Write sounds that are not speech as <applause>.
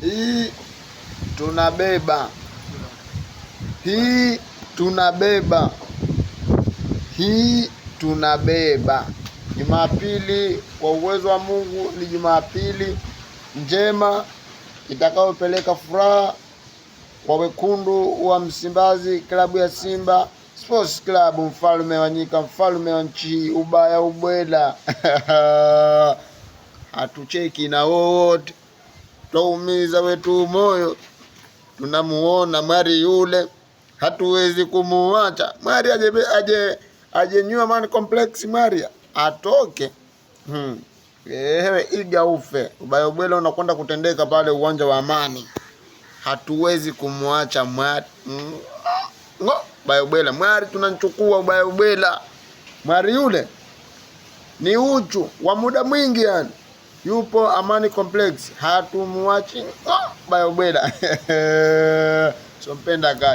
Hii tunabeba, hii tunabeba, hii tunabeba. Jumapili kwa uwezo wa Mungu ni Jumapili njema itakayopeleka furaha kwa wekundu wa Msimbazi, klabu ya Simba Sports Club, mfalme wa nyika, mfalme wa nchi, ubaya ubwela <laughs> hatucheki na wowote twaumiza wetu moyo, tunamuona mwari yule, hatuwezi kumuacha mwari aje, aje, aje nyua man complex mwari atoke hmm. Ehe, iga ufe ubayo bwela unakwenda kutendeka pale uwanja wa Amani. Hatuwezi kumwacha mwari hmm. Ngo bayo bwela mwari tunamchukua ubayo bwela mwari yule ni uchu wa muda mwingi yani yupo Amani Complex, hatumuachi oh, bayobweda sompenda <laughs> kazi.